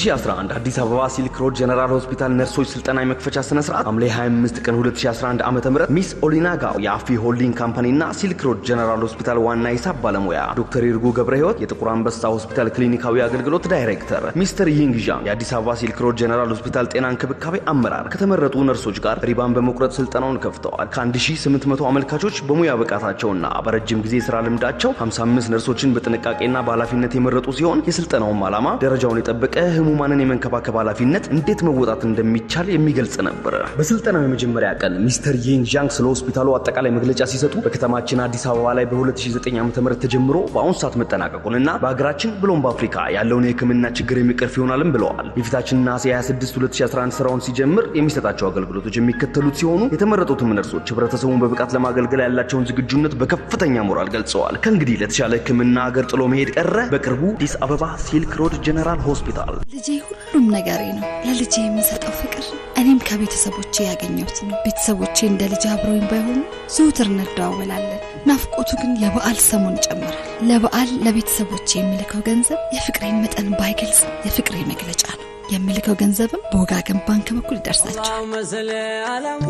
2011 አዲስ አበባ ሲልክ ሮድ ጀነራል ሆስፒታል ነርሶች ስልጠና የመክፈቻ ስነ ስርዓት ሐምሌ 25 ቀን 2011 ዓ.ም ም ሚስ ኦሊናጋ የአፊ ሆልዲንግ ካምፓኒና ሲልክ ሮድ ጀነራል ሆስፒታል ዋና ሂሳብ ባለሙያ፣ ዶክተር ይርጉ ገብረ ህይወት የጥቁር አንበሳ ሆስፒታል ክሊኒካዊ አገልግሎት ዳይሬክተር፣ ሚስተር ይንግ ዣን የአዲስ አበባ ሲልክ ሮድ ጀነራል ሆስፒታል ጤና እንክብካቤ አመራር ከተመረጡ ነርሶች ጋር ሪባን በመቁረጥ ስልጠናውን ከፍተዋል። ከ1800 አመልካቾች በሙያ ብቃታቸውና በረጅም ጊዜ ስራ ልምዳቸው 55 ነርሶችን በጥንቃቄና በኃላፊነት የመረጡ ሲሆን የስልጠናውም ዓላማ ደረጃውን የጠበቀ ህሙ ህሙማንን የመንከባከብ ኃላፊነት እንዴት መወጣት እንደሚቻል የሚገልጽ ነበር በስልጠናው የመጀመሪያ ቀን ሚስተር ይን ዣንግ ስለ ሆስፒታሉ አጠቃላይ መግለጫ ሲሰጡ በከተማችን አዲስ አበባ ላይ በ2009 ዓ ም ተጀምሮ በአሁኑ ሰዓት መጠናቀቁን በሀገራችን ብሎም በአፍሪካ ያለውን የህክምና ችግር የሚቀርፍ ይሆናልም ብለዋል። የፊታችን ነሐሴ 26 2011 ስራውን ሲጀምር የሚሰጣቸው አገልግሎቶች የሚከተሉት ሲሆኑ የተመረጡትም ነርሶች ህብረተሰቡን በብቃት ለማገልገል ያላቸውን ዝግጁነት በከፍተኛ ሞራል ገልጸዋል። ከእንግዲህ ለተሻለ ህክምና አገር ጥሎ መሄድ ቀረ። በቅርቡ አዲስ አበባ ሲልክ ሮድ ጀነራል ሆስፒታል ልጄ ሁሉም ነገሬ ነው። ለልጄ የምሰጠው ፍቅር እኔም ከቤተሰቦቼ ያገኘሁት ነው። ቤተሰቦቼ እንደ ልጅ አብረውኝ ባይሆኑ ዘውትር እንደዋወላለን። ናፍቆቱ ግን የበዓል ሰሞን ይጨምራል። ለበዓል ለቤተሰቦቼ የምልከው ገንዘብ የፍቅሬን መጠን ባይገልጽ የፍቅሬ መግለጫ ነው። የምልከው ገንዘብም በወጋገን ባንክ በኩል ይደርሳቸዋል።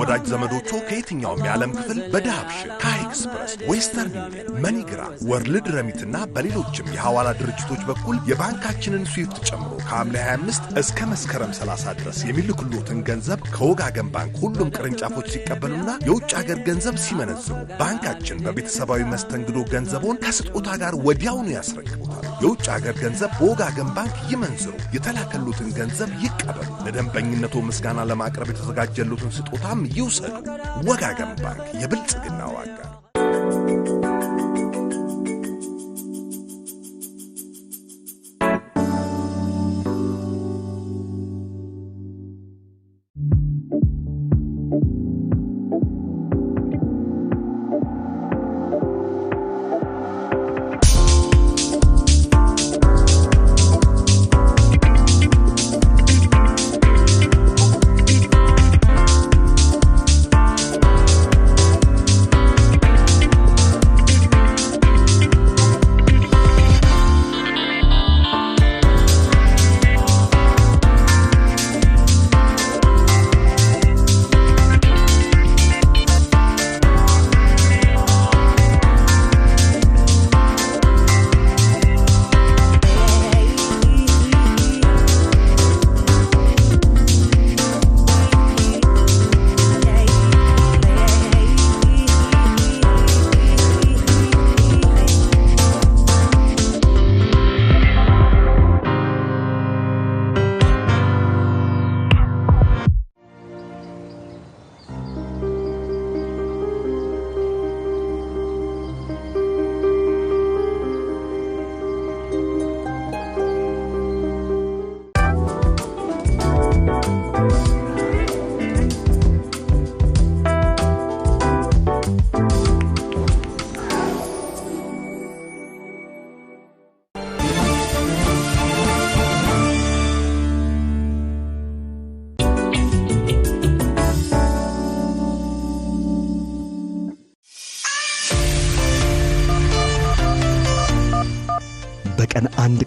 ወዳጅ ዘመዶቹ ከየትኛውም የዓለም ክፍል በደሃብሽ ካይ ኤክስፕረስ፣ ዌስተርን ዩኒየን፣ መኒግራ፣ ወርልድ ረሚትና በሌሎችም የሐዋላ ድርጅቶች በኩል የባንካችንን ስዊፍት ጨምሮ ከሐምሌ 25 እስከ መስከረም 30 ድረስ የሚልክሎትን ገንዘብ ከወጋገን ባንክ ሁሉም ቅርንጫፎች ሲቀበሉና የውጭ አገር ገንዘብ ሲመነዝሩ ባንካችን በቤተሰባዊ መስተንግዶ ገንዘቦን ከስጦታ ጋር ወዲያውኑ ያስረክቡታል። የውጭ ሀገር ገንዘብ በወጋገን ባንክ ይመንዝሩ። የተላከሉትን ገንዘብ ይቀበሉ። ለደንበኝነቱ ምስጋና ለማቅረብ የተዘጋጀሉትን ስጦታም ይውሰዱ። ወጋገን ባንክ የብልጽግና ዋጋ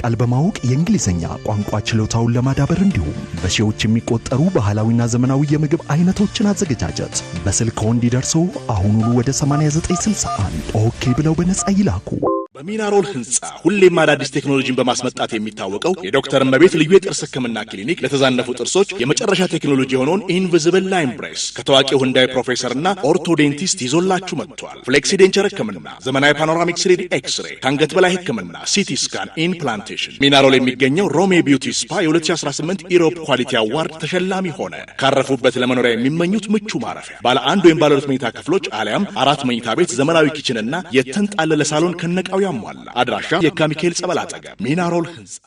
ቃል በማወቅ የእንግሊዝኛ ቋንቋ ችሎታውን ለማዳበር እንዲሁም በሺዎች የሚቆጠሩ ባህላዊና ዘመናዊ የምግብ አይነቶችን አዘገጃጀት በስልክዎ እንዲደርሰው አሁኑኑ ወደ 8961 ኦኬ ብለው በነፃ ይላኩ። በሚናሮል ህንፃ ሁሌም አዳዲስ ቴክኖሎጂን በማስመጣት የሚታወቀው የዶክተር መቤት ልዩ የጥርስ ህክምና ክሊኒክ ለተዛነፉ ጥርሶች የመጨረሻ ቴክኖሎጂ የሆነውን ኢንቪዚብል ላይን ብሬስ ከታዋቂው ህንዳዊ ፕሮፌሰርና ኦርቶዴንቲስት ይዞላችሁ መጥቷል። ፍሌክሲዴንቸር ህክምና፣ ዘመናዊ ፓኖራሚክ ስሪዲ ኤክስሬ፣ ከአንገት በላይ ህክምና፣ ሲቲ ስካን፣ ኢምፕላንቴሽን። ሚናሮል የሚገኘው ሮሜ ቢዩቲ ስፓ የ2018 ኢሮፕ ኳሊቲ አዋርድ ተሸላሚ ሆነ። ካረፉበት ለመኖሪያ የሚመኙት ምቹ ማረፊያ ባለ አንድ ወይም ባለ ሁለት መኝታ ክፍሎች አሊያም አራት መኝታ ቤት፣ ዘመናዊ ኪችንና የተንጣለለ ሳሎን ከነቃዊ ያሟላ። አድራሻ የካ ሚካኤል ጸበል አጠገብ ሚናሮል ህንጻ።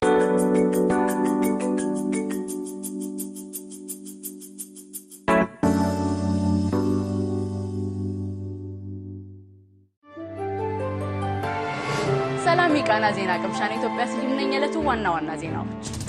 ሰላም የቃና ዜና ቅምሻን ኢትዮጵያ ስዩም ነኝ። የዕለቱ ዋና ዋና ዜናዎች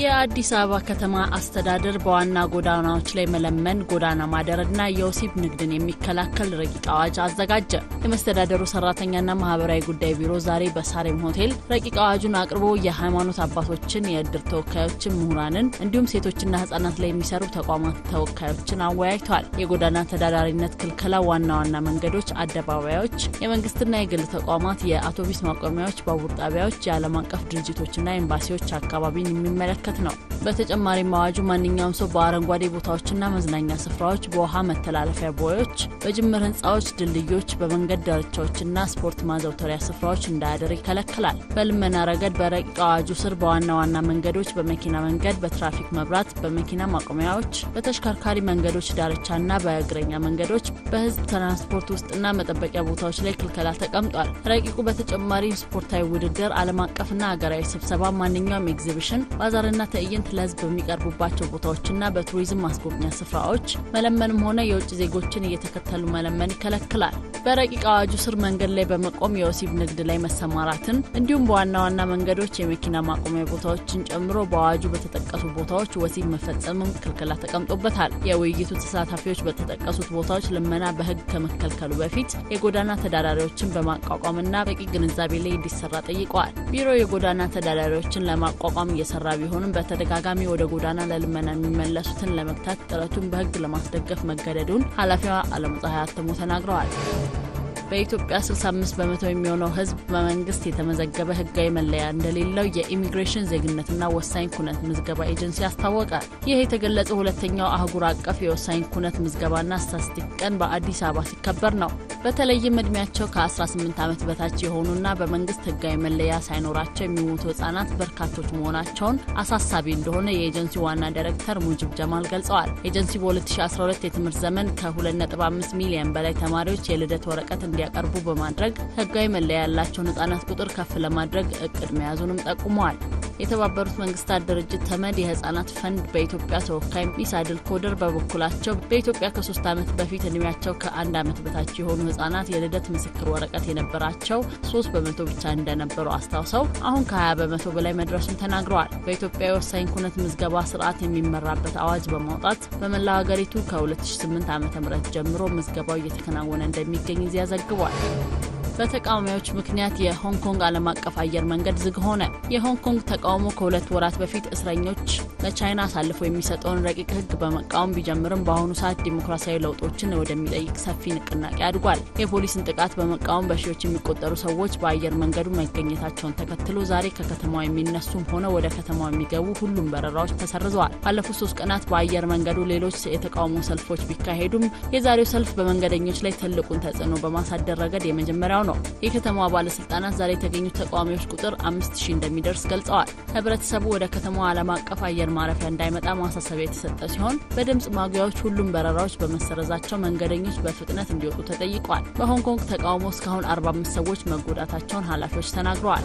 የአዲስ አበባ ከተማ አስተዳደር በዋና ጎዳናዎች ላይ መለመን፣ ጎዳና ማደርና የወሲብ ንግድን የሚከላከል ረቂቅ አዋጅ አዘጋጀ። የመስተዳደሩ ሰራተኛና ማህበራዊ ጉዳይ ቢሮ ዛሬ በሳሬም ሆቴል ረቂቅ አዋጁን አቅርቦ የሃይማኖት አባቶችን፣ የእድር ተወካዮችን፣ ምሁራንን እንዲሁም ሴቶችና ህጻናት ላይ የሚሰሩ ተቋማት ተወካዮችን አወያይቷል። የጎዳና ተዳዳሪነት ክልከላ ዋና ዋና መንገዶች፣ አደባባዮች፣ የመንግስትና የግል ተቋማት፣ የአውቶቡስ ማቆሚያዎች፣ ባቡር ጣቢያዎች፣ የዓለም አቀፍ ድርጅቶችና ኤምባሲዎች አካባቢን የሚመለከ የሚመለከት ነው። በተጨማሪም አዋጁ ማንኛውም ሰው በአረንጓዴ ቦታዎችና መዝናኛ ስፍራዎች፣ በውሃ መተላለፊያ ቦዮች፣ በጅምር ህንፃዎች፣ ድልድዮች፣ በመንገድ ዳርቻዎችና ስፖርት ማዘውተሪያ ስፍራዎች እንዳያደር ይከለክላል። በልመና ረገድ በረቂቅ አዋጁ ስር በዋና ዋና መንገዶች፣ በመኪና መንገድ፣ በትራፊክ መብራት፣ በመኪና ማቆሚያዎች፣ በተሽከርካሪ መንገዶች ዳርቻና በእግረኛ መንገዶች፣ በህዝብ ትራንስፖርት ውስጥና መጠበቂያ ቦታዎች ላይ ክልከላ ተቀምጧል። ረቂቁ በተጨማሪ ስፖርታዊ ውድድር፣ ዓለም አቀፍና ሀገራዊ ስብሰባ፣ ማንኛውም ኤግዚቢሽን፣ ባዛር ግብርና ትዕይንት ለህዝብ በሚቀርቡባቸው ቦታዎችና በቱሪዝም ማስጎብኛ ስፍራዎች መለመንም ሆነ የውጭ ዜጎችን እየተከተሉ መለመን ይከለክላል። በረቂቅ አዋጁ ስር መንገድ ላይ በመቆም የወሲብ ንግድ ላይ መሰማራትን እንዲሁም በዋና ዋና መንገዶች የመኪና ማቆሚያ ቦታዎችን ጨምሮ በአዋጁ በተጠቀሱ ቦታዎች ወሲብ መፈጸምም ክልክላ ተቀምጦበታል። የውይይቱ ተሳታፊዎች በተጠቀሱት ቦታዎች ልመና በህግ ከመከልከሉ በፊት የጎዳና ተዳዳሪዎችን በማቋቋምና በቂ ግንዛቤ ላይ እንዲሰራ ጠይቀዋል። ቢሮ የጎዳና ተዳዳሪዎችን ለማቋቋም እየሰራ ቢሆንም ቢሆንም በተደጋጋሚ ወደ ጎዳና ለልመና የሚመለሱትን ለመግታት ጥረቱን በህግ ለማስደገፍ መገደዱን ኃላፊዋ አለሙፀሐይ አትሞ ተናግረዋል። በኢትዮጵያ 65 በመቶ የሚሆነው ህዝብ በመንግስት የተመዘገበ ህጋዊ መለያ እንደሌለው የኢሚግሬሽን ዜግነትና ወሳኝ ኩነት ምዝገባ ኤጀንሲ አስታወቀ። ይህ የተገለጸ ሁለተኛው አህጉር አቀፍ የወሳኝ ኩነት ምዝገባና ስታስቲክ ቀን በአዲስ አበባ ሲከበር ነው። በተለይም እድሜያቸው ከ18 ዓመት በታች የሆኑና በመንግስት ህጋዊ መለያ ሳይኖራቸው የሚሞቱ ህጻናት በርካቶች መሆናቸውን አሳሳቢ እንደሆነ የኤጀንሲ ዋና ዳይሬክተር ሙጅብ ጀማል ገልጸዋል። ኤጀንሲ በ2012 የትምህርት ዘመን ከ2.5 ሚሊዮን በላይ ተማሪዎች የልደት ወረቀት እንዲያቀርቡ በማድረግ ህጋዊ መለያ ያላቸውን ህጻናት ቁጥር ከፍ ለማድረግ እቅድ መያዙንም ጠቁመዋል። የተባበሩት መንግስታት ድርጅት ተመድ የህጻናት ፈንድ በኢትዮጵያ ተወካይ ሚስ አድል ኮደር በበኩላቸው በኢትዮጵያ ከሶስት ዓመት በፊት እድሜያቸው ከአንድ ዓመት በታች የሆኑ ህጻናት የልደት ምስክር ወረቀት የነበራቸው ሶስት በመቶ ብቻ እንደነበሩ አስታውሰው አሁን ከ20 በመቶ በላይ መድረሱን ተናግረዋል። በኢትዮጵያ የወሳኝ ኩነት ምዝገባ ስርዓት የሚመራበት አዋጅ በማውጣት በመላው ሀገሪቱ ከ2008 ዓ ም ጀምሮ ምዝገባው እየተከናወነ እንደሚገኝ ዚያ ዘግቧል። በተቃዋሚዎች ምክንያት የሆንግ ኮንግ ዓለም አቀፍ አየር መንገድ ዝግ ሆነ። የሆንግ ኮንግ ተቃውሞ ከሁለት ወራት በፊት እስረኞች ለቻይና አሳልፎ የሚሰጠውን ረቂቅ ሕግ በመቃወም ቢጀምርም በአሁኑ ሰዓት ዲሞክራሲያዊ ለውጦችን ወደሚጠይቅ ሰፊ ንቅናቄ አድጓል። የፖሊስን ጥቃት በመቃወም በሺዎች የሚቆጠሩ ሰዎች በአየር መንገዱ መገኘታቸውን ተከትሎ ዛሬ ከከተማዋ የሚነሱም ሆነ ወደ ከተማዋ የሚገቡ ሁሉም በረራዎች ተሰርዘዋል። ባለፉት ሶስት ቀናት በአየር መንገዱ ሌሎች የተቃውሞ ሰልፎች ቢካሄዱም የዛሬው ሰልፍ በመንገደኞች ላይ ትልቁን ተጽዕኖ በማሳደር ረገድ የመጀመሪያው ነው። የከተማዋ ባለስልጣናት ዛሬ የተገኙት ተቃዋሚዎች ቁጥር አምስት ሺህ እንደሚደርስ ገልጸዋል። ህብረተሰቡ ወደ ከተማዋ ዓለም አቀፍ አየር ማረፊያ እንዳይመጣ ማሳሰቢያ የተሰጠ ሲሆን በድምፅ ማጉያዎች ሁሉም በረራዎች በመሰረዛቸው መንገደኞች በፍጥነት እንዲወጡ ተጠይቋል። በሆንግ ኮንግ ተቃውሞ እስካሁን 45 ሰዎች መጎዳታቸውን ኃላፊዎች ተናግረዋል።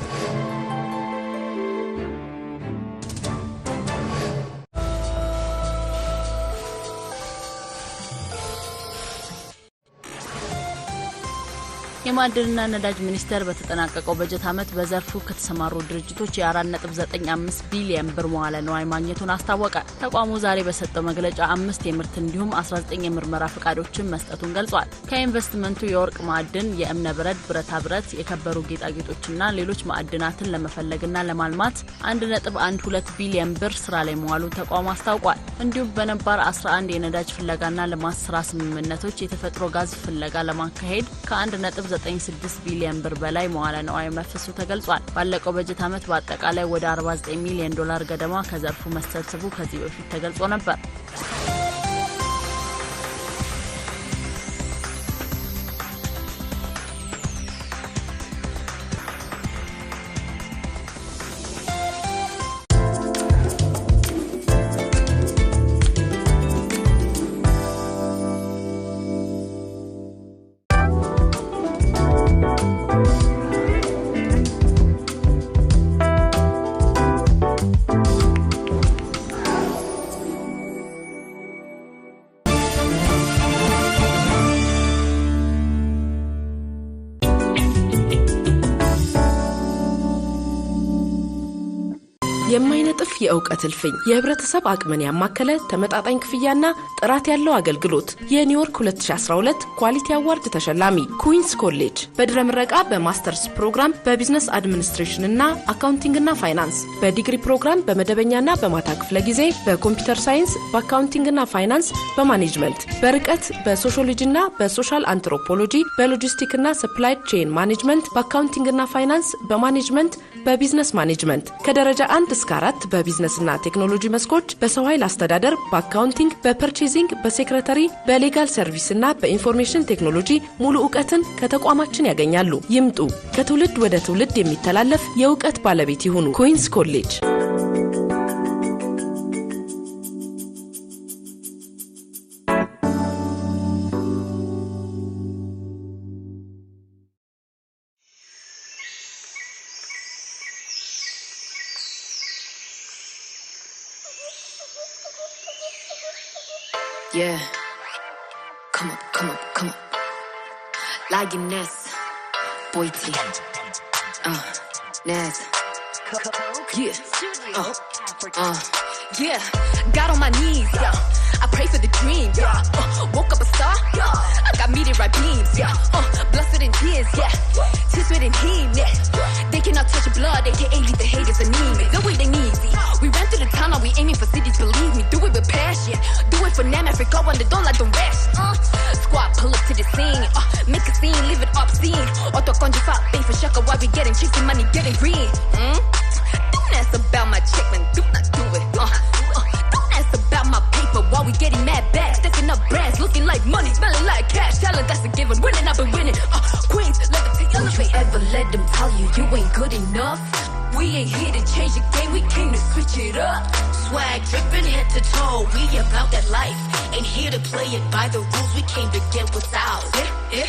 የማዕድንና ነዳጅ ሚኒስቴር በተጠናቀቀው በጀት ዓመት በዘርፉ ከተሰማሩ ድርጅቶች የ4.95 ቢሊየን ብር መዋለ ንዋይ ማግኘቱን አስታወቀ። ተቋሙ ዛሬ በሰጠው መግለጫ አምስት የምርት እንዲሁም 19 የምርመራ ፈቃዶችን መስጠቱን ገልጿል። ከኢንቨስትመንቱ የወርቅ ማዕድን፣ የእብነ ብረት፣ ብረታ ብረት፣ የከበሩ ጌጣጌጦችና ሌሎች ማዕድናትን ለመፈለግና ለማልማት 1.12 ቢሊየን ብር ስራ ላይ መዋሉን ተቋሙ አስታውቋል። እንዲሁም በነባር 11 የነዳጅ ፍለጋና ልማት ስራ ስምምነቶች የተፈጥሮ ጋዝ ፍለጋ ለማካሄድ ከ1 96 ቢሊዮን ብር በላይ መዋለ ነዋይ መፍሱ ተገልጿል። ባለቀው በጀት ዓመት በአጠቃላይ ወደ 49 ሚሊዮን ዶላር ገደማ ከዘርፉ መሰብሰቡ ከዚህ በፊት ተገልጾ ነበር። የእውቀት እልፍኝ፣ የህብረተሰብ አቅምን ያማከለ ተመጣጣኝ ክፍያና ጥራት ያለው አገልግሎት። የኒውዮርክ 2012 ኳሊቲ አዋርድ ተሸላሚ ኩዊንስ ኮሌጅ በድረ ምረቃ በማስተርስ ፕሮግራም በቢዝነስ አድሚኒስትሬሽን ና አካውንቲንግና ፋይናንስ፣ በዲግሪ ፕሮግራም በመደበኛና በማታ ክፍለ ጊዜ በኮምፒውተር ሳይንስ፣ በአካውንቲንግና ፋይናንስ፣ በማኔጅመንት፣ በርቀት በሶሾሎጂና በሶሻል አንትሮፖሎጂ፣ በሎጂስቲክና ሰፕላይ ቼን ማኔጅመንት፣ በአካውንቲንግና ፋይናንስ፣ በማኔጅመንት በቢዝነስ ማኔጅመንት ከደረጃ 1 እስከ አራት በቢዝነስና ቴክኖሎጂ መስኮች በሰው ኃይል አስተዳደር፣ በአካውንቲንግ፣ በፐርቼዚንግ፣ በሴክረተሪ፣ በሌጋል እና በኢንፎርሜሽን ቴክኖሎጂ ሙሉ እውቀትን ከተቋማችን ያገኛሉ። ይምጡ። ከትውልድ ወደ ትውልድ የሚተላለፍ የእውቀት ባለቤት ይሁኑ። ኩዊንስ ኮሌጅ Uh, yeah, got on my knees, yeah. I pray for the dream, yeah. Uh, woke up a star, yeah. I got meteorite beams, yeah. Uh, blessed in tears, yeah. Tears within him, yeah. They cannot touch your blood, they can't leave the haters anemic. The way they need me. We ran through the tunnel. we aiming for cities, believe me. Do it with passion, do it for them, Africa, when they don't like the rest. Uh, squad, pull up to the scene, uh, make a scene, leave it obscene. Auto conjugal, pay for shaka, why we getting chicken money, getting green. Mm? about my check, Do not do it. Uh-huh. don't ask about my paper we mad back. up brands, like money, like cash. that's a I've been uh, you ever let them tell you you ain't good enough. We ain't here to change the game, we came to switch it up. Swag dripping head to toe, we about that life. Ain't here to play it by the rules, we came to get what's ours. Eh, eh.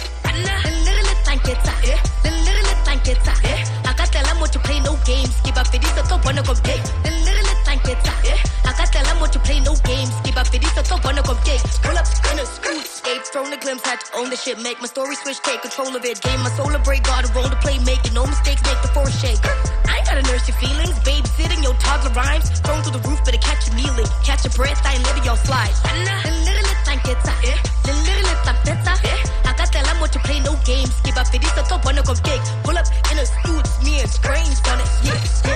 games, pedita to wanna come cake. Then little it like I got tell I'm what play, no games. Keep up pedita to wanna come cake. Pull up in a scoot, skate, throw the glimpse, had to own the shit, make my story switch, take control of it. Game my soul a break, got a role to play, making no mistakes, make the force shake. I ain't gotta nurse your feelings, babysitting your toddler rhymes. Thrown through the roof, better catch you kneeling. Catch your breath, I ain't letting y'all slide. Then little it like it's Then little it like I got tell am what play, no games. Keep up pedita to wanna come cake. Pull up in a scoot, me and strange done it. Yeah.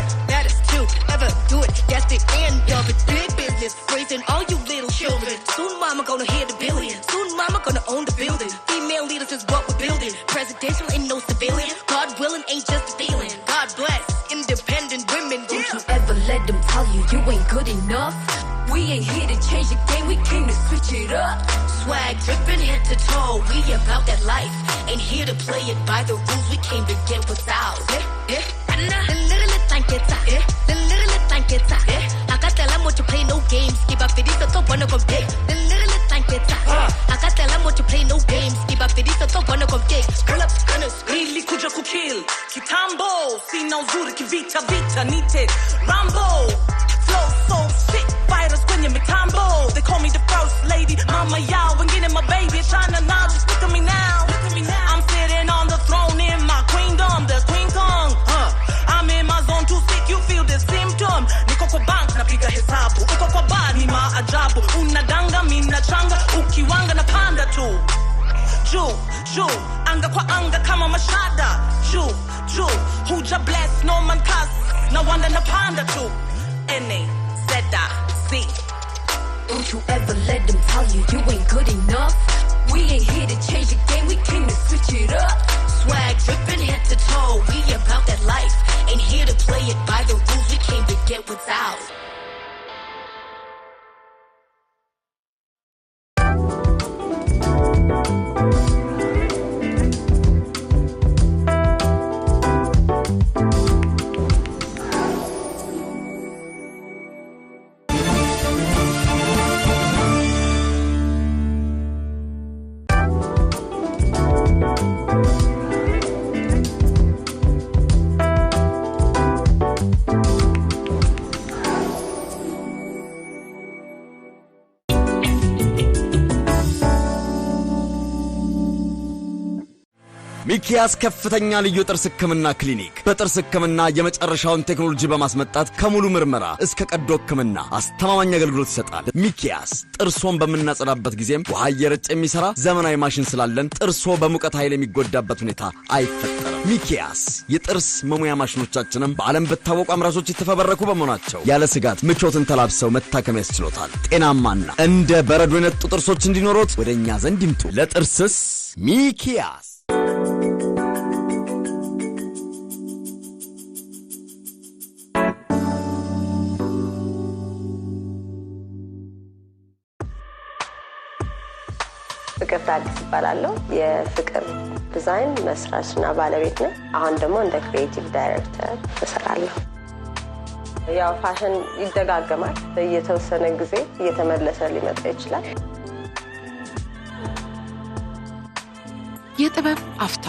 presidential and no civilian. God willing ain't just a feeling. God bless independent women. Don't you ever let them tell you you ain't good enough. We ain't here to change the game, we came to switch it up. Swag dripping head to toe, we about that life. Ain't here to play it by the rules, we came to get what's ours. Yeah, yeah. Uh, Literally think it's out. Uh, yeah. Literally think it's out. Uh, yeah. I got that I'm to play no games, give up it is a top one of them. Literally think it's out. I got that i what to play no games, Spedisa tobona kwa mkei Scroll up, scanners Nilikuja kukill Kitambo Sina uzuri kivita vita Nite Rambo Flow so sick fighters. kwenye mitambo They call me the first lady Mama yao Jew, Jew, anga kwa anga kama mashada Jew, Jew, huja bless no man wonder na wanda napanda tu N-A, Z-I, C Don't you ever let them tell you you ain't good enough We ain't here to change the game, we came to switch it up Swag dripping head to toe, we about that life Ain't here to play it by the rules, we came to get what's ours. ኪያስ ከፍተኛ ልዩ ጥርስ ህክምና ክሊኒክ በጥርስ ህክምና የመጨረሻውን ቴክኖሎጂ በማስመጣት ከሙሉ ምርመራ እስከ ቀዶ ህክምና አስተማማኝ አገልግሎት ይሰጣል። ሚኪያስ ጥርሶን በምናጸዳበት ጊዜም ውሃ እየረጨ የሚሰራ ዘመናዊ ማሽን ስላለን ጥርሶ በሙቀት ኃይል የሚጎዳበት ሁኔታ አይፈጠርም። ሚኪያስ የጥርስ መሙያ ማሽኖቻችንም በዓለም በታወቁ አምራቾች የተፈበረኩ በመሆናቸው ያለ ስጋት ምቾትን ተላብሰው መታከም ያስችሎታል። ጤናማና እንደ በረዶ የነጡ ጥርሶች እንዲኖሩት ወደ እኛ ዘንድ ይምጡ። ለጥርስስ ሚኪያስ አዲስ ይባላለሁ። የፍቅር ዲዛይን መስራች ባለቤት ነኝ። አሁን ደግሞ እንደ ክሪኤቲቭ ዳይሬክተር እሰራለሁ። ያው ፋሽን ይደጋገማል። በየተወሰነ ጊዜ እየተመለሰ ሊመጣ ይችላል። የጥበብ አፍታ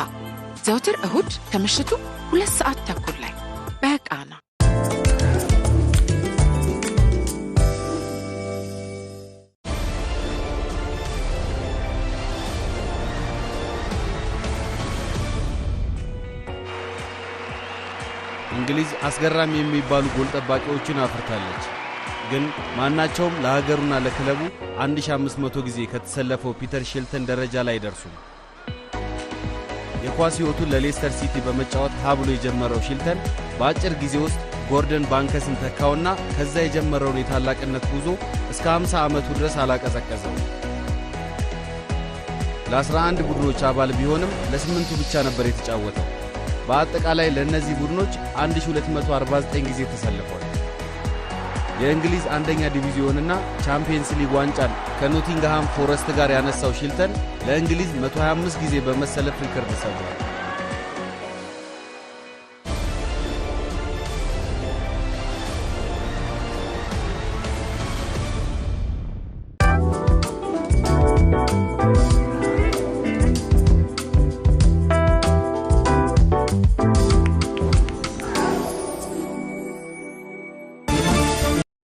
ዘውትር እሁድ ከምሽቱ ሁለት ሰዓት ተኩል ላይ በቃና እንግሊዝ አስገራሚ የሚባሉ ጎል ጠባቂዎችን አፍርታለች። ግን ማናቸውም ለሀገሩና ለክለቡ 1500 ጊዜ ከተሰለፈው ፒተር ሼልተን ደረጃ ላይ አይደርሱም። የኳስ ሕይወቱን ለሌስተር ሲቲ በመጫወት ሀብሎ የጀመረው ሼልተን በአጭር ጊዜ ውስጥ ጎርደን ባንከስን ተካውና ከዛ የጀመረውን የታላቅነት ጉዞ እስከ 50 ዓመቱ ድረስ አላቀዘቀዘው። ለ11 ቡድኖች አባል ቢሆንም ለስምንቱ ብቻ ነበር የተጫወተው። በአጠቃላይ ለእነዚህ ቡድኖች 1249 ጊዜ ተሰልፈዋል። የእንግሊዝ አንደኛ ዲቪዚዮንና ቻምፒየንስ ሊግ ዋንጫን ከኖቲንግሃም ፎረስት ጋር ያነሳው ሺልተን ለእንግሊዝ 125 ጊዜ በመሰለፍ ሪከርድ ሰብሯል።